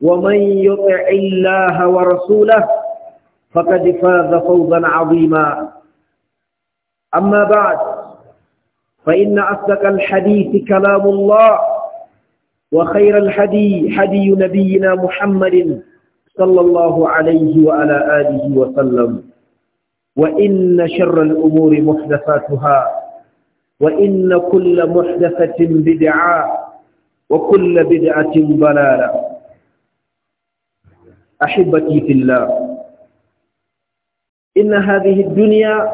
ومن يطع الله ورسوله فقد فاز فوزا عظيما أما بعد فإن أصدق الحديث كلام الله وخير الحدي حدي نبينا محمد صلى الله عليه وعلى آله وسلم وإن شر الأمور محدثاتها وإن كل محدثة بدعة وكل بدعة ضلالة أحبتي في الله إن هذه الدنيا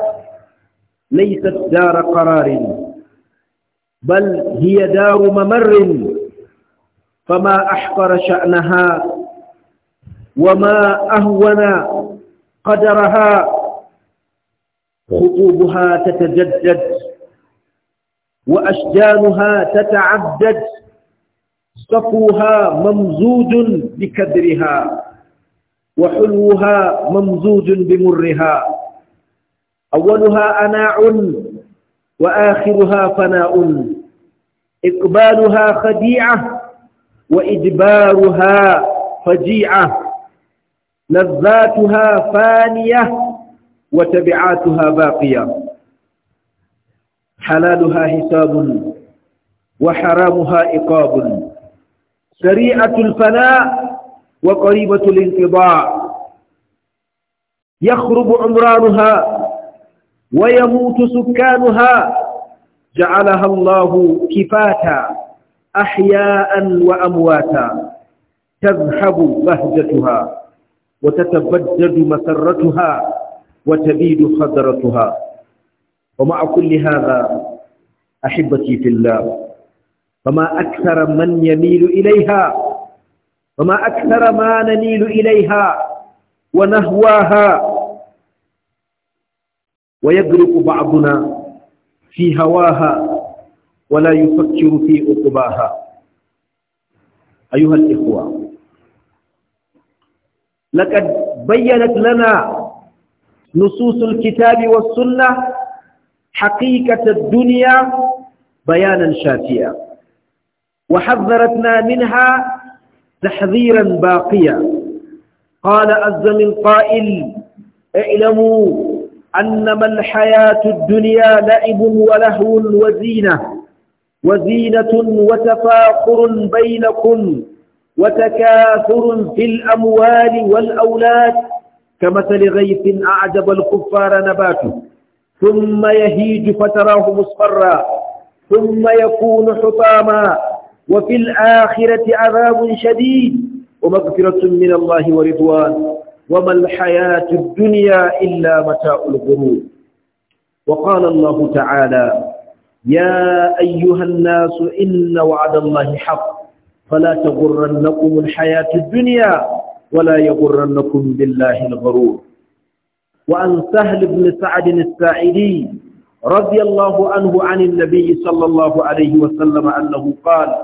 ليست دار قرار بل هي دار ممر فما أحقر شأنها وما أهون قدرها خطوبها تتجدد وأشجانها تتعدد صفوها ممزوج بكدرها وحلوها ممزوج بمرها أولها أناع وآخرها فناء إقبالها خديعة وإدبارها فجيعة لذاتها فانية وتبعاتها باقية حلالها حساب وحرامها إقاب سريعة الفناء وقريبة الانقضاء يخرب عمرانها ويموت سكانها جعلها الله كفاتا أحياء وأمواتا تذهب بهجتها وتتبدد مسرتها وتبيد خضرتها ومع كل هذا أحبتي في الله فما أكثر من يميل إليها وما أكثر ما نميل إليها ونهواها ويغرق بعضنا في هواها ولا يفكر في عقباها أيها الإخوة لقد بينت لنا نصوص الكتاب والسنة حقيقة الدنيا بيانا شافيا وحذرتنا منها تحذيرا باقيا قال عز من قائل اعلموا أنما الحياة الدنيا لعب ولهو وزينة وزينة وتفاخر بينكم وتكاثر في الأموال والأولاد كمثل غيث أعجب الكفار نباته ثم يهيج فتراه مصفرا ثم يكون حطاما وفي الآخرة عذاب شديد ومغفرة من الله ورضوان وما الحياة الدنيا إلا متاع الغرور وقال الله تعالى يا أيها الناس إن وعد الله حق فلا تغرنكم الحياة الدنيا ولا يغرنكم بالله الغرور وعن سهل بن سعد الساعدي رضي الله عنه عن النبي صلى الله عليه وسلم أنه قال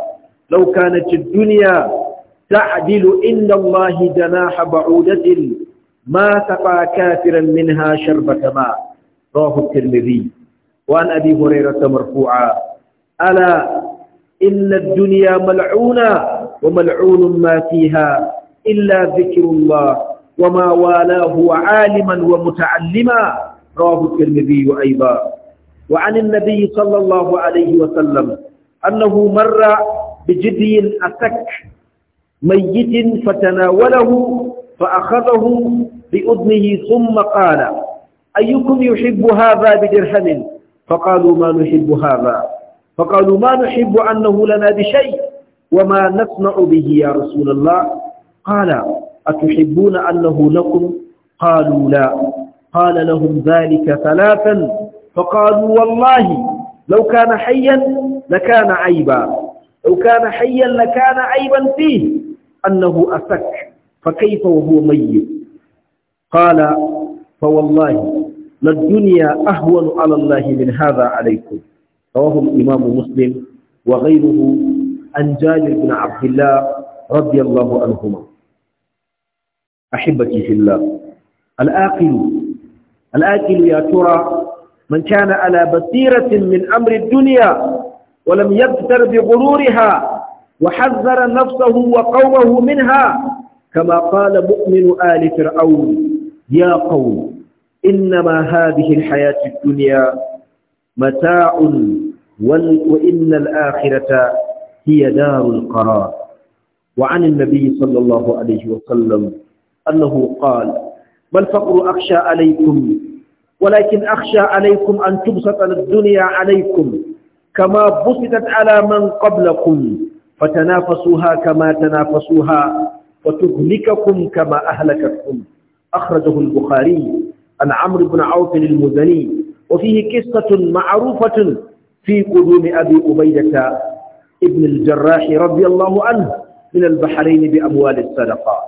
لو كانت الدنيا تعدل إن الله جناح بعودة ما تقى كافرا منها شربة ماء رواه الترمذي وعن أبي هريرة مرفوعا ألا إن الدنيا ملعونة وملعون ما فيها إلا ذكر الله وما والاه عالما ومتعلما رواه الترمذي أيضا وعن النبي صلى الله عليه وسلم أنه مر بجدي أتك ميت فتناوله فأخذه بأذنه ثم قال أيكم يحب هذا بدرهم فقالوا ما نحب هذا فقالوا ما نحب أنه لنا بشيء وما نصنع به يا رسول الله قال أتحبون أنه لكم قالوا لا قال لهم ذلك ثلاثا فقالوا والله لو كان حيا لكان عيبا لو كان حيا لكان عيبا فيه أنه أسك فكيف وهو ميت قال فوالله للدنيا أهون على الله من هذا عليكم رواه الإمام مسلم وغيره عن جابر بن عبد الله رضي الله عنهما أحبتي في الله الآكل الآكل يا ترى من كان على بصيرة من أمر الدنيا ولم يبتر بغرورها وحذر نفسه وقومه منها كما قال مؤمن آل فرعون يا قوم إنما هذه الحياة الدنيا متاع وإن الآخرة هي دار القرار وعن النبي صلى الله عليه وسلم أنه قال ما الفقر أخشى عليكم ولكن أخشى عليكم أن تبسط الدنيا عليكم كما بسطت على من قبلكم فتنافسوها كما تنافسوها وتهلككم كما أهلكتكم أخرجه البخاري عن عمرو بن عوف المزني وفيه قصة معروفة في قدوم أبي أبيدة ابن الجراح رضي الله عنه من البحرين بأموال الصدقة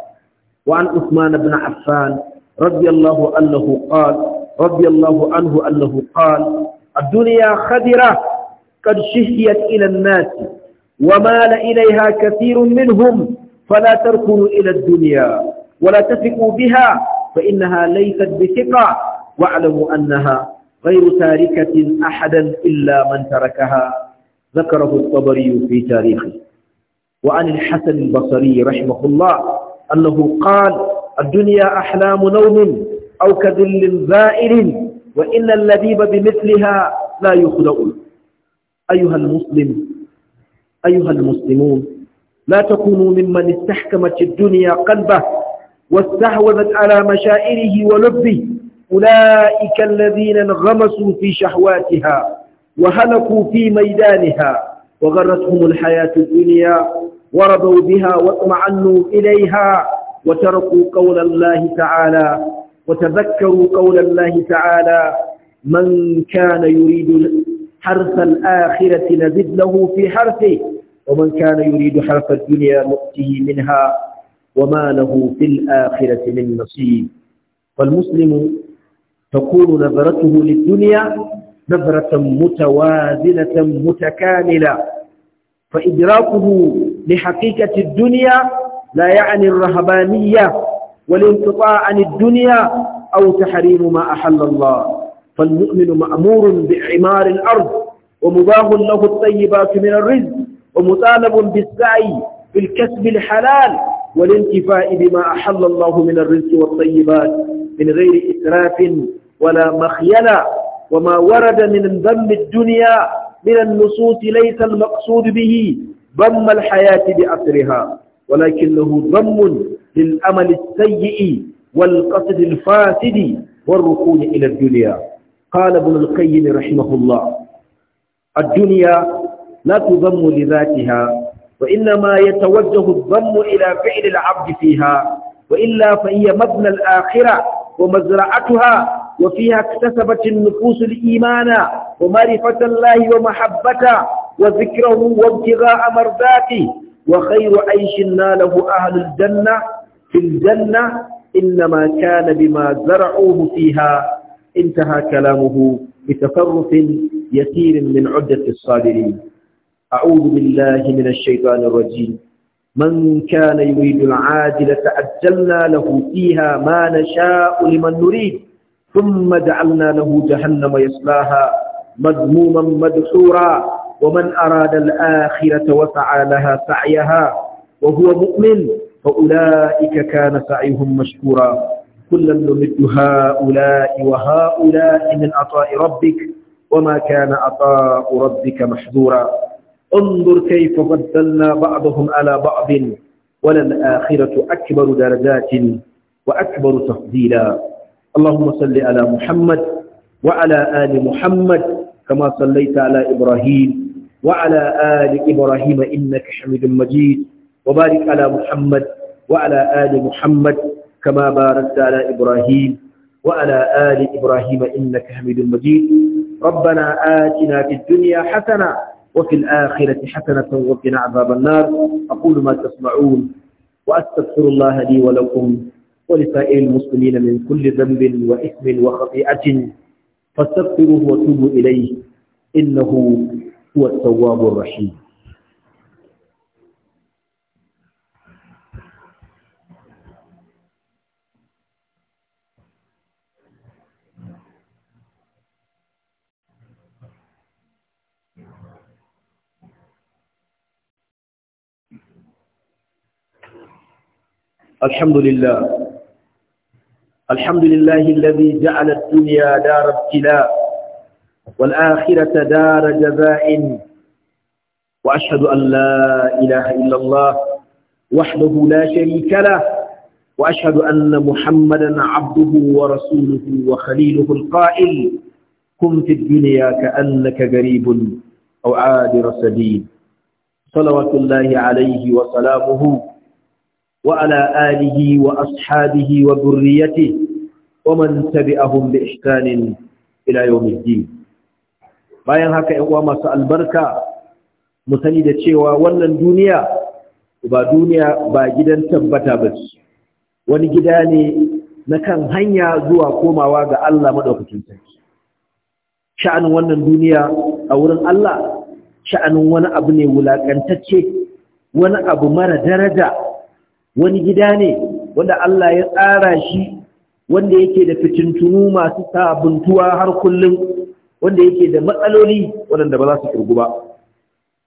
وعن عثمان بن عفان رضي الله عنه قال رضي الله عنه أنه قال الدنيا خدرة قد شهيت إلى الناس ومال إليها كثير منهم فلا تركنوا إلى الدنيا ولا تثقوا بها فإنها ليست بثقة واعلموا أنها غير تاركة أحدا إلا من تركها ذكره الطبري في تاريخه وعن الحسن البصري رحمه الله أنه قال الدنيا أحلام نوم أو كذل ذائل وإن اللبيب بمثلها لا يخدأ أيها المسلم أيها المسلمون لا تكونوا ممن استحكمت الدنيا قلبه واستحوذت على مشاعره ولبه أولئك الذين انغمسوا في شهواتها وهلكوا في ميدانها وغرتهم الحياة الدنيا ورضوا بها واطمعنوا إليها وتركوا قول الله تعالى وتذكروا قول الله تعالى من كان يريد حرث الآخرة نزد له في حرثه ومن كان يريد حرث الدنيا نؤته منها وما له في الآخرة من نصيب فالمسلم تكون نظرته للدنيا نظرة متوازنة متكاملة فإدراكه لحقيقة الدنيا لا يعني الرهبانية والانقطاع عن الدنيا أو تحريم ما أحل الله فالمؤمن مأمور بعمار الأرض ومباه له الطيبات من الرزق ومطالب بالسعي في الكسب الحلال والانتفاء بما أحل الله من الرزق والطيبات من غير إسراف ولا مخيلة وما ورد من ذم الدنيا من النصوص ليس المقصود به ضم الحياة بأثرها ولكنه ضم للأمل السيء والقصد الفاسد والركون إلى الدنيا قال ابن القيم رحمه الله الدنيا لا تضم لذاتها وإنما يتوجه الضم إلى فعل العبد فيها وإلا فهي مبنى الآخرة ومزرعتها وفيها اكتسبت النفوس الإيمان ومعرفة الله ومحبته وذكره وابتغاء مرضاته وخير عيش ناله أهل الجنة في الجنة إنما كان بما زرعوه فيها انتهى كلامه بتطرف يسير من عدة الصابرين أعوذ بالله من الشيطان الرجيم من كان يريد العاجلة أجلنا له فيها ما نشاء لمن نريد ثم جعلنا له جهنم يصلاها مذموما مدحورا ومن أراد الآخرة وسعى لها سعيها وهو مؤمن فأولئك كان سعيهم مشكورا كلا نمد هؤلاء وهؤلاء من عطاء ربك وما كان عطاء ربك محذورا انظر كيف بدلنا بعضهم على بعض وللآخرة أكبر درجات وأكبر تفضيلا اللهم صل على محمد وعلى آل محمد كما صليت على إبراهيم وعلى آل إبراهيم إنك حميد مجيد وبارك على محمد وعلى آل محمد كما باركت على إبراهيم وعلى آل إبراهيم إنك حميد مجيد ربنا آتنا في الدنيا حسنة وفي الآخرة حسنة وقنا عذاب النار أقول ما تسمعون وأستغفر الله لي ولكم ولسائر المسلمين من كل ذنب وإثم وخطيئة فاستغفروه وتوبوا إليه إنه هو التواب الرحيم الحمد لله الحمد لله الذي جعل الدنيا دار ابتلاء والآخرة دار جزاء وأشهد أن لا إله إلا الله وحده لا شريك له وأشهد أن محمدا عبده ورسوله وخليله القائل كن في الدنيا كأنك قريب أو عابر سبيل صلوات الله عليه وسلامه وعلى آله وأصحابه وذريته ومن تبعهم بإحسان إلى يوم الدين bayan haka ‘yan uwa masu albarka mu sani da cewa wannan duniya ba duniya ba gidan tabbata ba ce wani gida ne na kan hanya zuwa komawa ga Allah maɗaukacin sarki sha'anin wannan duniya a wurin Allah sha'anin wani abu ne wulaƙantacce wani abu mara daraja wani gida ne wanda Allah ya tsara shi wanda yake da fitintunu masu sabuntuwa har kullum wanda yake da matsaloli waɗanda ba za su kirgu ba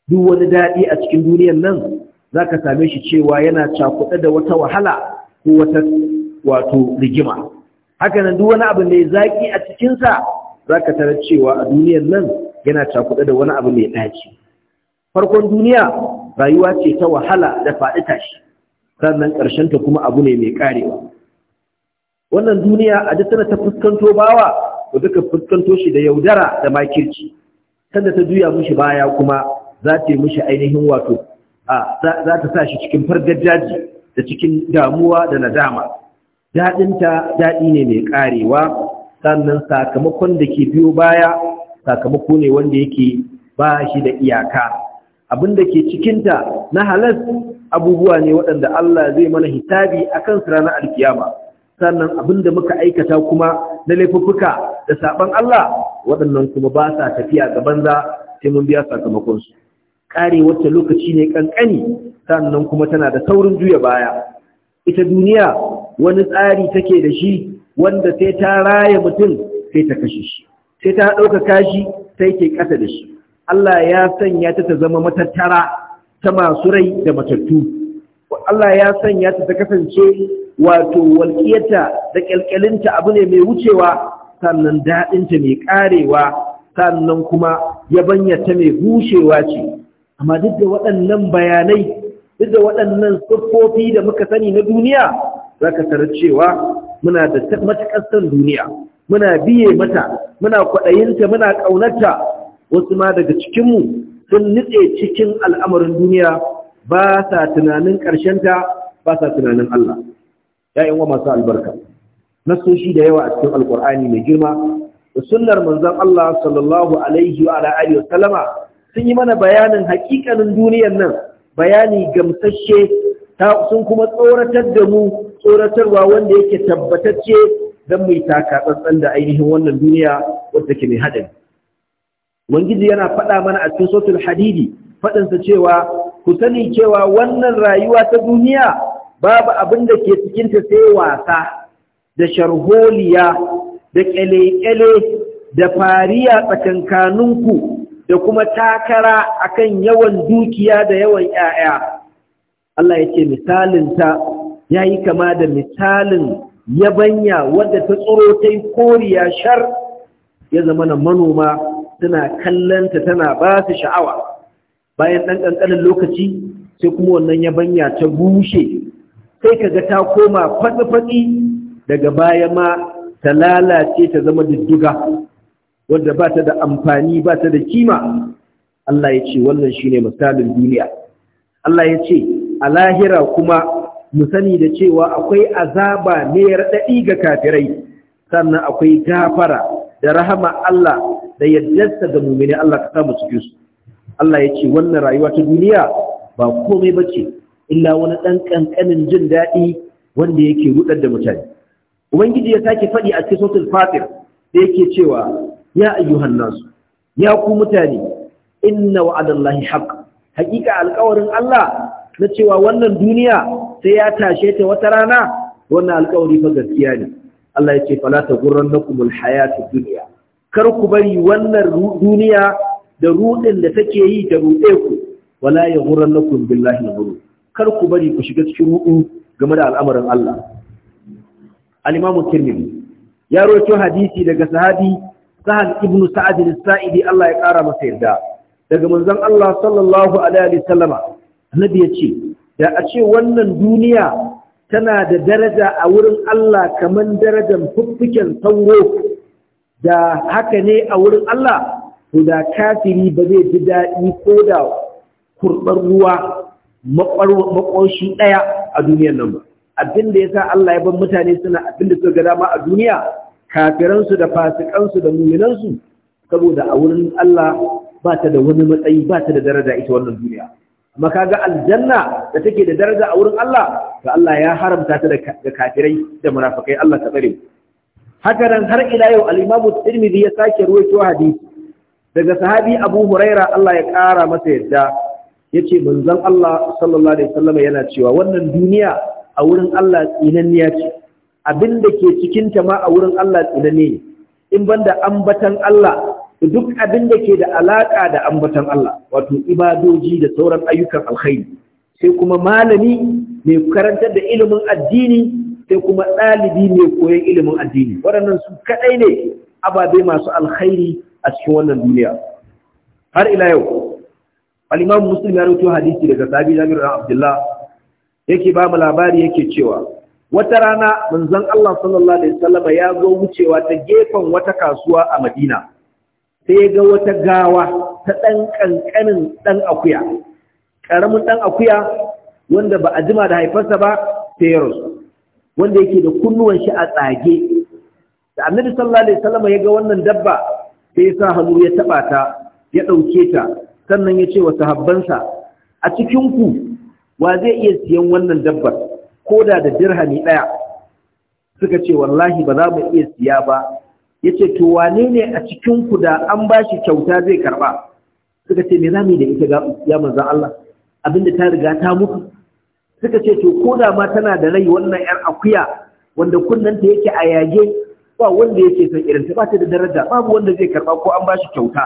duk wani daɗi a cikin duniyar nan za ka same shi cewa yana cakuɗe da wata wahala ko wata wato rigima haka nan duk wani abu mai zaƙi a cikinsa za ka tarar cewa a duniyar nan yana cakuɗe da wani abu mai ɗaci farkon duniya rayuwa ce ta wahala da faɗi tashi sannan ƙarshen ta kuma abu ne mai ƙarewa. wannan duniya a duk tana ta fuskanto bawa ko duka fuskanto shi da yaudara da makirci sanda ta juya mushi baya kuma za ta yi mushi ainihin wato a za ta sa shi cikin fargar daji da cikin damuwa da nadama daɗinta daɗi ne mai ƙarewa. sannan sakamakon da ke biyo baya sakamako ne wanda yake ba shi da iyaka abin da ke cikinta na halas abubuwa ne waɗanda Allah zai mana hitabi akan su ranar alkiyama sannan abin da muka aikata kuma na laifuffuka da saban Allah waɗannan kuma ba sa tafiya ga banza sai mun biya sakamakon su kare wacce lokaci ne kankani sannan kuma tana da saurin juya baya ita duniya wani tsari take da shi wanda sai ta raya mutum sai ta kashe shi sai ta ɗaukaka shi sai ke ƙasa da shi Allah ya sanya ta ta zama matattara ta masu rai da matattu Allah ya sanya ta ta kasance wato walƙiyarta da ƙyalƙyalinta abu ne mai wucewa sannan daɗinta mai ƙarewa sannan kuma yata mai bushewa ce amma duk da waɗannan bayanai duk da waɗannan siffofi da muka sani na duniya za ka tarar cewa muna da matuƙar san duniya muna biye mata muna kwaɗayinta muna ƙaunarta wasu ma daga cikinmu sun nutse cikin al'amarin duniya ba sa tunanin ƙarshenta ba sa tunanin Allah ‘ya'yan wa masu albarka nasoshi da yawa a cikin alƙur'ani mai girma da sunnar manzan Allah sallallahu alaihi wa sun yi mana bayanin haƙiƙanin duniyar nan bayani ta sun kuma tsoratar da mu tsoratarwa wanda yake tabbatacce don mai taka tsantsan da ainihin wannan duniya wadda ke mai haɗari ubangiji yana faɗa mana a cikin sautul hadidi faɗinsa cewa ku sani cewa wannan rayuwa ta duniya babu abin da ke cikin ta sai wasa da sharholiya da ƙyale-ƙyale da fariya tsakankaninku da kuma takara akan yawan dukiya da yawan ‘ya'ya. Allah ya ce misalinta ya yi kama da misalin yabanya wanda ta tsoro ta yi koriya shar ya zama manoma suna kallanta tana ba su sha'awa bayan ɗan ƙanƙanin lokaci sai kuma wannan yabanya ta bushe sai ka ga ta koma faɗi-faɗi daga baya ma ta lalace ta zama diddiga wadda ba ta da amfani ba ta da kima Allah ya ce wannan shi ne misalin duniya Allah ya ce a lahira kuma mu sani da cewa akwai azaba ne raɗaɗi ga kafirai sannan akwai gafara da rahama Allah da yaddarsa ga mumini Allah ka samu cikin su Allah ya ce wannan rayuwa ta duniya ba komai ba ce illa wani ɗan ƙanƙanin jin daɗi wanda yake rudar da mutane ubangiji ya sake faɗi a cikin sautul fatir da yake cewa ya ayyuhan nasu ya ku mutane inna wa'adallahi haqq haƙiƙa alƙawarin Allah na cewa wannan duniya sai ya tashe ta wata rana wannan alƙawari fa gaskiya ne Allah ya ce fala ta gurran na hayatu duniya kar ku bari wannan duniya da rudin da take yi da rude ku wala ya gurran lakum billahi kar ku bari ku shiga cikin rudu game da al'amarin Allah al-Imam Tirmidhi ya rawaito hadisi daga sahabi Sahal ibn Sa'ad al-Sa'idi Allah ya kara masa yarda daga manzon Allah sallallahu alaihi wasallama annabi ya ce da a ce wannan duniya tana da daraja a wurin Allah kamar darajar fuffuken sauro da haka ne a wurin Allah ko da kafiri ba zai ji daɗi ko da kurɓar ruwa makwashi ɗaya a duniyar nan ba abin da ya sa Allah ya ban mutane suna abin da suka ga dama a duniya kafiransu da fasikansu da muminansu saboda a wurin Allah ba ta da wani matsayi ba ta da daraja ita wannan duniya amma kaga aljanna da take da daraja a wurin Allah to Allah ya haramta ta da kafirai da munafikai Allah ta tsare haka nan har ila yau al-imamu tirmidhi ya sake ruwaito hadisi daga sahabi abu huraira Allah ya kara masa yadda yace manzon Allah sallallahu alaihi wasallam yana cewa wannan duniya a wurin Allah tsinanniya ce abinda ke cikin ta ma a wurin Allah tsinanne ne in banda ambatan Allah duk abin da ke da alaƙa da ambatan Allah wato ibadoji da sauran ayyukan alkhairi sai kuma malami mai karantar da ilimin addini sai kuma ɗalibi mai koyon ilimin addini waɗannan su kaɗai ne ababe masu alkhairi a cikin wannan duniya har ila yau al'imamu imam muslim ya rawaito hadisi daga sabi jami'ar bin Abdullah yake ba mu labari yake cewa wata rana manzon Allah sallallahu alaihi wasallam ya zo wucewa ta gefen wata kasuwa a Madina sai ya ga wata gawa ta ɗan ƙanƙanin ɗan akuya Ƙaramin ɗan akuya wanda ba a jima da haifarsa ba sai ya rasu wanda yake da kunnuwan shi a tsage da annabi sallallahu alaihi wasallam ya ga wannan dabba sai ya sa hannu ya taba ta ya dauke ta sannan ya ce wa sahabbansa a cikin ku wa zai iya siyan wannan dabbar Ko da da dirhami daya suka ce wallahi ba za mu iya siya ba yace to wane ne a cikin ku da an ba shi kyauta zai karba suka ce me za mu yi da ita ya manzon Allah abinda ta riga ta mutu suka ce to ko da ma tana da rai wannan yar akuya wanda kunnanta yake a yage ba wanda yake son irin ta ba ta da daraja babu wanda zai karba ko an bashi kyauta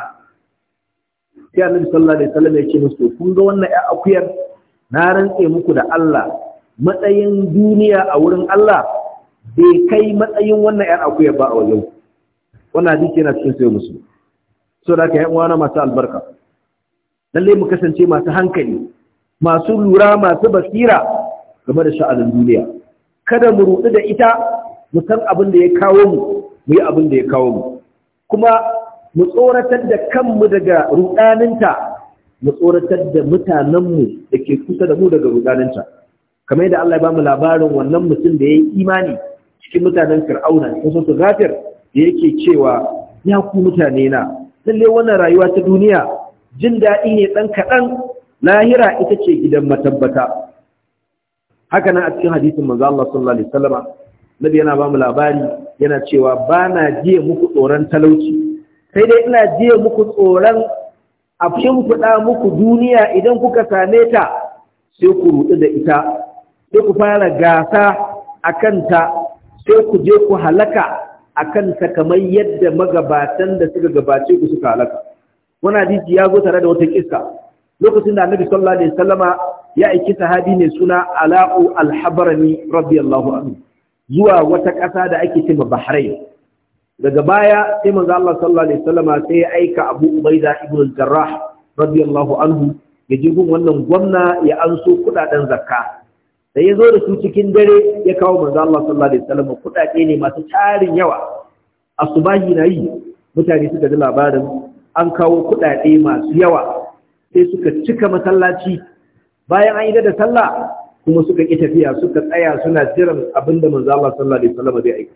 sai annabi sallallahu alaihi wasallam ya ce musu kun ga wannan yar akuyar na rantse muku da Allah matsayin duniya a wurin Allah bai kai matsayin wannan yar akuyar ba a wajen wannan hadisi yana cikin sai musu so da ka yan uwana masu albarka lalle mu kasance masu hankali masu lura masu basira game da sha'anin duniya kada mu rudu da ita mu san abin da ya kawo mu mu yi abin da ya kawo mu kuma mu tsoratar da kanmu daga rudaninta mu tsoratar da mutanenmu da ke kusa da mu daga rudaninta kamar yadda Allah ya ba mu labarin wannan mutum da ya yi imani cikin mutanen fir'auna cikin sosu gafir da yake cewa ya ku mutane na lalle wannan rayuwa ta duniya jin daɗi ne ɗan kaɗan lahira ita ce gidan matabbata haka nan a cikin hadisin manzo Allah sallallahu alaihi wasallam nabi yana ba mu labari yana cewa ba na jiye muku tsoron talauci sai dai ina jiya muku tsoron a shimfiɗa muku duniya idan kuka same ta sai ku rudu da ita sai ku fara gasa a kanta sai ku je ku halaka a kanta kamar yadda magabatan da suka gabace ku suka halaka wani hadisi ya zo tare da wata kissa lokacin da annabi sallallahu alaihi wasallama ya aiki sahabi ne suna ala'u al-habrani radiyallahu anhu zuwa wata ƙasa da ake cewa bahrain daga baya sai manzo Allah sallallahu alaihi wasallama sai ya aika abu ubaida ibn al-jarrah radiyallahu anhu ya je gun wannan gwamna ya anso kudaden zakka sai ya zo da su cikin dare ya kawo manzo Allah sallallahu alaihi wasallama kudade ne masu tarin yawa asubahi na yi mutane suka ji labarin an kawo kudade masu yawa sai suka cika masallaci bayan an yi da sallah kuma suka ƙi tafiya suka tsaya suna jiran abin da manzo Allah sallallahu alaihi wasallam zai aika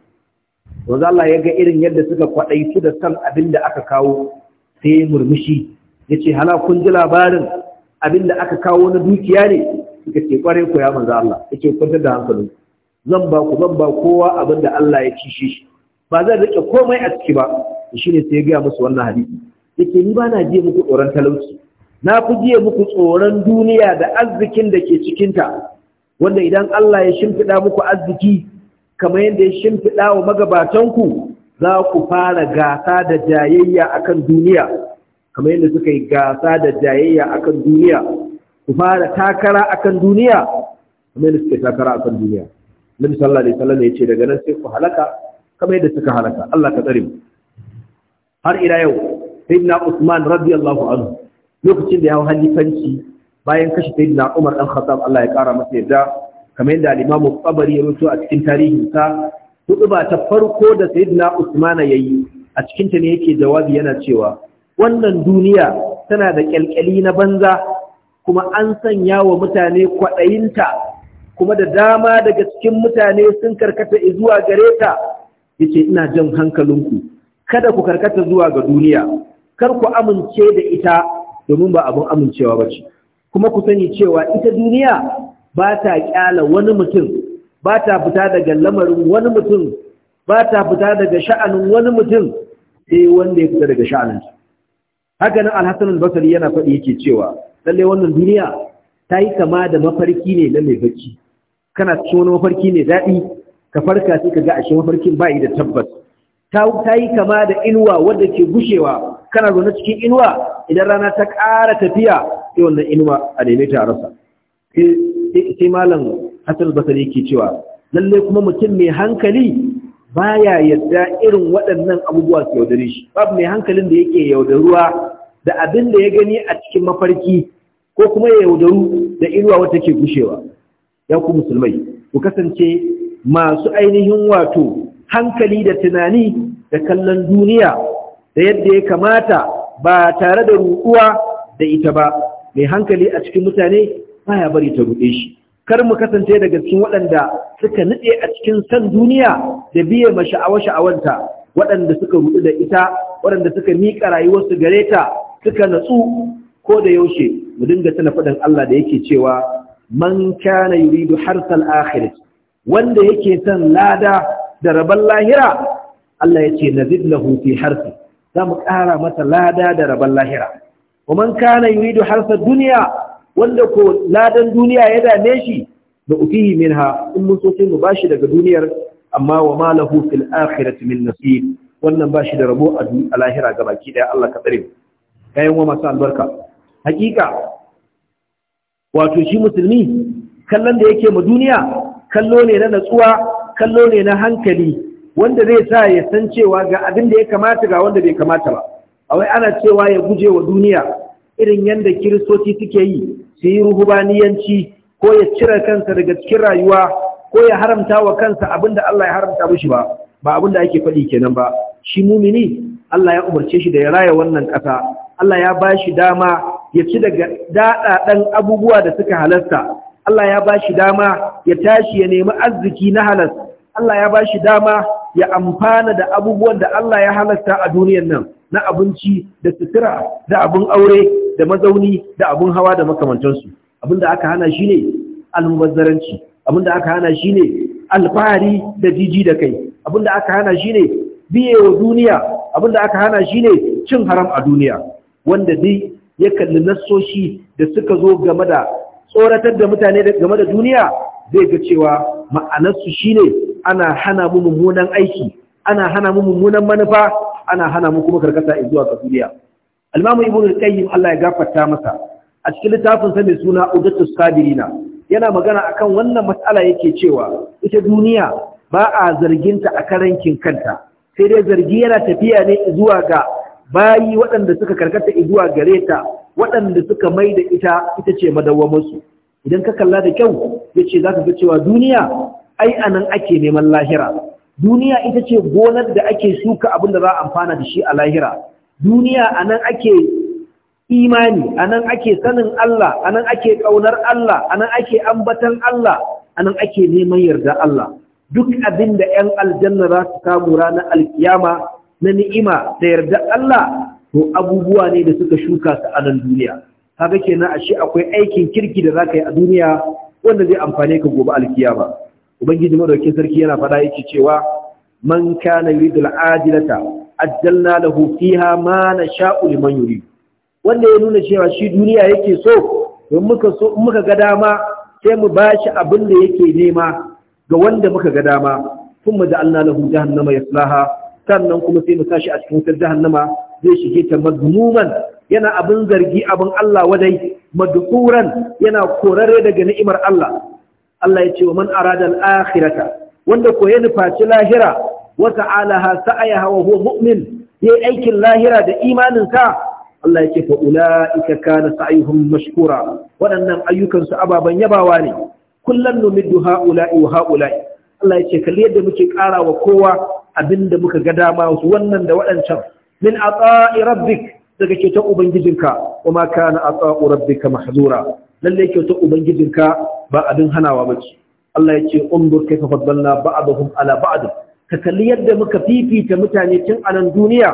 manzo Allah ya ga irin yadda suka su da san abin da aka kawo sai murmushi yace hala kun ji labarin abin da aka kawo na dukiya ne suka ce kware ku ya manzo Allah yace kwantar da hankali. zan ba ku zan ba kowa abin da Allah ya ci shi ba zan rike komai a ciki ba shine sai ya ga musu wannan hadisi yake ni ba na ji muku tsoron talauci na fi jiye muku tsoron duniya da arzikin da ke cikinta wanda idan Allah ya shimfiɗa muku arziki kamar yadda ya shimfiɗa wa magabatanku za ku fara gasa da jayayya akan duniya kamar yadda suka yi gasa da jayayya akan duniya ku fara takara akan duniya kamar yadda suka yi takara akan duniya nabi sallallahu alaihi wasallam ya ce daga nan sai ku halaka kamar yadda suka halaka Allah ka tsare mu har ila yau sayyidina Usman radiyallahu anhu lokacin da ya hau hannun halifanci bayan kashe sayyidina Umar dan Khattab Allah ya kara masa yadda kamar yadda al-Imam Tabari ya rubuta a cikin tarihin sa ba ta farko da sayyidina Usman yayi a cikin ta ne yake jawabi yana cewa wannan duniya tana da kyalkyali na banza kuma an sanya wa mutane kwaɗayinta kuma da dama daga cikin mutane sun karkata zuwa gare ta yace ina jan hankalinku kada ku karkata zuwa ga duniya kar ku amince da ita domin ba abin amincewa ba ce kuma ku sani cewa ita duniya ba ta kyala wani mutum ba ta fita daga lamarin wani mutum ba ta fita daga sha'anin wani mutum sai wanda ya fita daga sha'aninsa haka nan alhassan basari yana faɗi yake cewa lallai wannan duniya ta yi kama da mafarki ne na mai bacci kana cikin wani mafarki ne daɗi ka farka sai ka ga ashe mafarkin ba yi da tabbas ta yi kama da inuwa wadda ke gushewa kana zaune cikin inuwa idan rana ta ƙara tafiya sai wannan inuwa a neme ta a rasa sai malam hasan basari yake cewa lalle kuma mutum mai hankali baya yadda irin waɗannan abubuwa su yaudare shi babu mai hankalin da yake yaudaruwa da abin da ya gani a cikin mafarki ko kuma ya yaudaru da inuwa wata ke gushewa ya ku musulmai ku kasance masu ainihin wato hankali da tunani da kallon duniya da yadda ya kamata ba tare da ruɗuwa da ita ba mai hankali a cikin mutane ba ya bari ta ruɗe shi kar mu kasance daga cikin waɗanda suka nutse a cikin san duniya da biye ma sha'awa-sha'awanta waɗanda suka ruɗu da ita waɗanda suka miƙa rayuwarsu gare ta suka natsu ko da yaushe mu dinga tana faɗin Allah da yake cewa man kana yuridu harsal akhirah wanda yake son lada da rabon lahira Allah ya ce nazid lahu fi harsi za mu ƙara masa lada da rabon lahira ومن كان يريد harsar duniya, wanda ko ladan duniya ya dame shi da ufihi ha, in mun so sai mu bashi daga duniyar amma wa ma lahu fil akhirati min nasib wannan bashi da rabo a duniya lahira gabaki daya Allah ka tsare kayan wa masu albarka hakika wato shi musulmi kallon da yake ma duniya kallo ne na natsuwa kallo ne na hankali wanda zai sa ya san cewa ga abin da ya kamata ga wanda bai kamata ba a wai ana cewa ya guje wa duniya irin yadda kiristoci suke yi su yi ruhubaniyanci ko ya cire kansa daga cikin rayuwa ko ya haramta wa kansa abin da Allah ya haramta mishi ba ba abin da ake faɗi kenan ba shi mumini Allah ya umarce shi da ya raya wannan ƙasa Allah ya ba shi dama ya ci daga daɗaɗen abubuwa da suka halasta Allah ya ba shi dama ya tashi ya nemi arziki na halas Allah ya ba shi dama ya amfana da abubuwan da Allah ya halatta a duniyar nan na abinci da sutura da abin aure da mazauni da abin hawa da makamantansu Abin da aka hana shine almubazzaranci da aka hana shine alfahari da jiji da kai da aka hana shine biye wa duniya Abin da aka hana shine cin haram a duniya wanda dai ya kalli nassoshi da suka zo game da tsoratar da mutane game da duniya zai ga cewa ma'anarsu shi ne ana hana mu mummunan aiki ana hana mu mummunan manufa ana hana mu kuma karkata zuwa kafiriya al-imamu ibnu qayyim Allah ya gafarta masa a cikin littafin sa mai suna udatu sabirina yana magana akan wannan matsala yake cewa ita duniya ba a zarginta a karankin kanta sai dai zargi yana tafiya ne zuwa ga bayi waɗanda suka karkata zuwa gareta, waɗanda suka mai da ita ita ce madawwamarsu idan ka kalla da kyau yace zaka ga cewa duniya ai a nan ake neman lahira duniya ita ce gonar da ake shuka abin da za a amfana da shi a lahira duniya a nan ake imani a nan ake sanin Allah a nan ake ƙaunar Allah a nan ake ambatan Allah a nan ake neman yarda Allah duk abin da ‘yan aljanna za su samu ranar alkiyama na ni'ima ta yarda Allah to abubuwa ne da suka shuka su a nan duniya kaga kenan ashe akwai aikin kirki da zaka yi a duniya wanda zai amfane ka gobe alkiyama ubangiji madaukakin sarki yana faɗa yake cewa man kana yuridu al'ajilata ajjalna lahu fiha ma nasha'u liman yurid wanda ya nuna cewa shi duniya yake so don muka so ga dama sai mu bashi abin da yake nema ga wanda muka ga dama da allah lahu jahannama yaslaha sannan kuma sai mu tashi a cikin jahannama zai shige ta madmuman yana abin zargi abin Allah wadai madhuran yana korare daga ni'imar Allah Allah ya ce wa man arada al-akhirata wanda ko ya nufaci lahira wa ta'alaha sa'ayaha wa huwa mu'min yayi aikin lahira da imanin sa Allah ya ce fa ulaika kana sa'yuhum mashkura wadannan ayyukan su ababan yabawa ne kullan numiddu ha'ula'i wa ha'ula'i Allah ya ce kalli yadda muke ƙara wa kowa abinda muka ga dama su wannan da waɗancan min ata'i rabbik daga kyautar ubangijinka kuma kana ata'u rabbika mahzura lalle kyautar ubangijinka ba abin hanawa bace Allah ya ce undur kaifa faddalna ba'dahum ala ba'd ka kalli yadda muka fifita mutane tun a nan duniya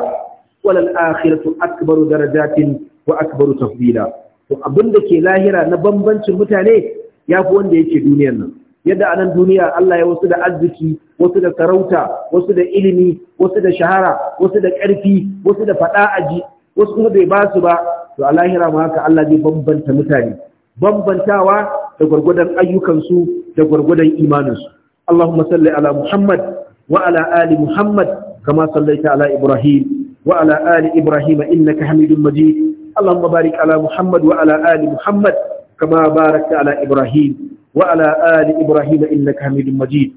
walal akhiratu akbaru darajatin wa akbaru tafdila to abinda ke lahira na bambancin mutane yafi wanda yake duniyar nan yadda a nan duniya Allah ya wasu da arziki wasu da sarauta wasu da ilimi wasu da shahara wasu da ƙarfi wasu da faɗa aji wasu kuma bai ba su ba to a lahira ma haka Allah zai bambanta mutane bambantawa da gwargwadon ayyukansu da gwargwadon imaninsu Allahumma salli ala Muhammad wa ala ali Muhammad kama sallaita ala Ibrahim wa ala ali Ibrahim innaka Hamidum Majid Allahumma barik ala Muhammad wa ala ali Muhammad kama barakta ala Ibrahim wa ala ali Ibrahim innaka Hamidum Majid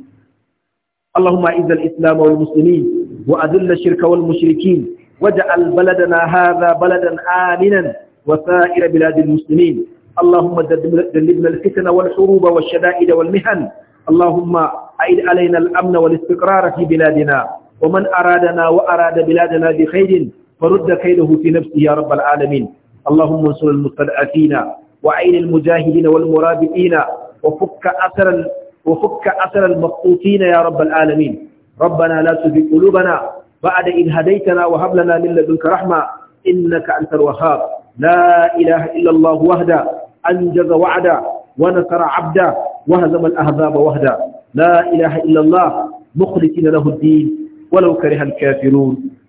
اللهم اعز الاسلام والمسلمين واذل الشرك والمشركين واجعل بلدنا هذا بلدا آمنا وسائر بلاد المسلمين اللهم جنبنا الفتن والحروب والشدائد والمهن اللهم أعد علينا الأمن والاستقرار في بلادنا ومن أرادنا وأراد بلادنا بخير فرد كيده في نفسه يا رب العالمين اللهم انصر المستضعفين وعين المجاهدين والمرابطين وفك أثر وفك أثر المقطوفين يا رب العالمين ربنا لا تزغ قلوبنا بعد إذ هديتنا وهب لنا من لدنك رحمة إنك أنت الوهاب لا إله إلا الله وحده أنجز وعدا ونصر عبدا وهزم الأهزاب وحده لا إله إلا الله مخلصين له الدين ولو كره الكافرون